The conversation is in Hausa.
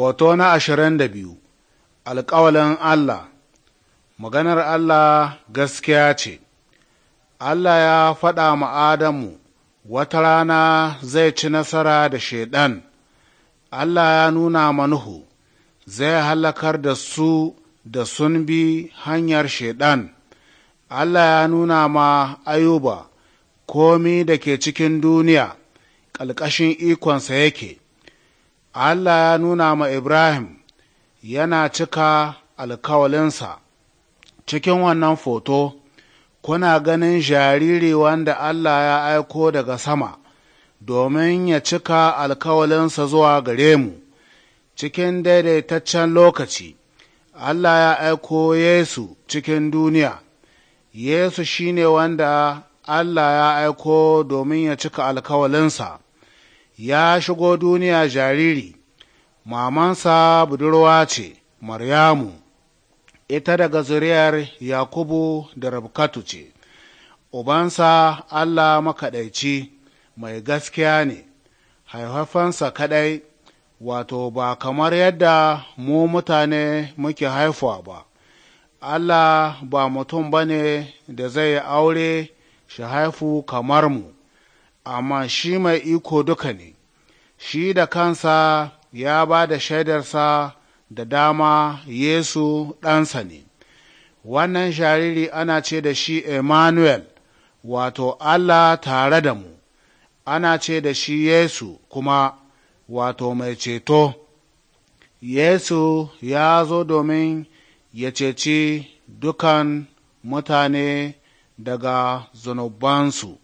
Hoto na ashirin da biyu Alƙawalin Allah Maganar Allah gaskiya ce, Allah ya faɗa ma Adamu, wata rana zai ci nasara da Shaiɗan, Allah ya nuna manuhu, zai halakar da su da sun bi hanyar Shaiɗan, Allah ya nuna ma Ayuba, komi da ke cikin duniya, ƙalƙashin ikonsa yake. Allah ya nuna ma Ibrahim yana cika alkawalinsa cikin wannan foto kuna ganin jariri wanda Allah ya aiko daga sama domin ya cika alkawalinsa zuwa gare mu cikin daidaitaccen lokaci Allah ya aiko Yesu cikin duniya Yesu shine wanda Allah ya aiko domin ya cika alkawalinsa. ya shigo duniya jariri mamansa budurwa ce maryamu ita daga zuriyar yakubu da rabkatu ce ubansa allah makaɗaici mai gaskiya ne haifafansa kaɗai wato ba kamar yadda mu mutane muke haifuwa ba allah ba mutum ba ne da zai aure shi haifu kamar mu amma shi mai iko duka ne, shi da kansa ya ba da shaidarsa da dama Yesu ɗansa ne. Wannan jariri ana ce da shi Emmanuel, wato Allah tare da mu, ana ce da shi Yesu kuma wato mai ceto. Yesu ya zo domin ya ceci dukan mutane daga zunubansu.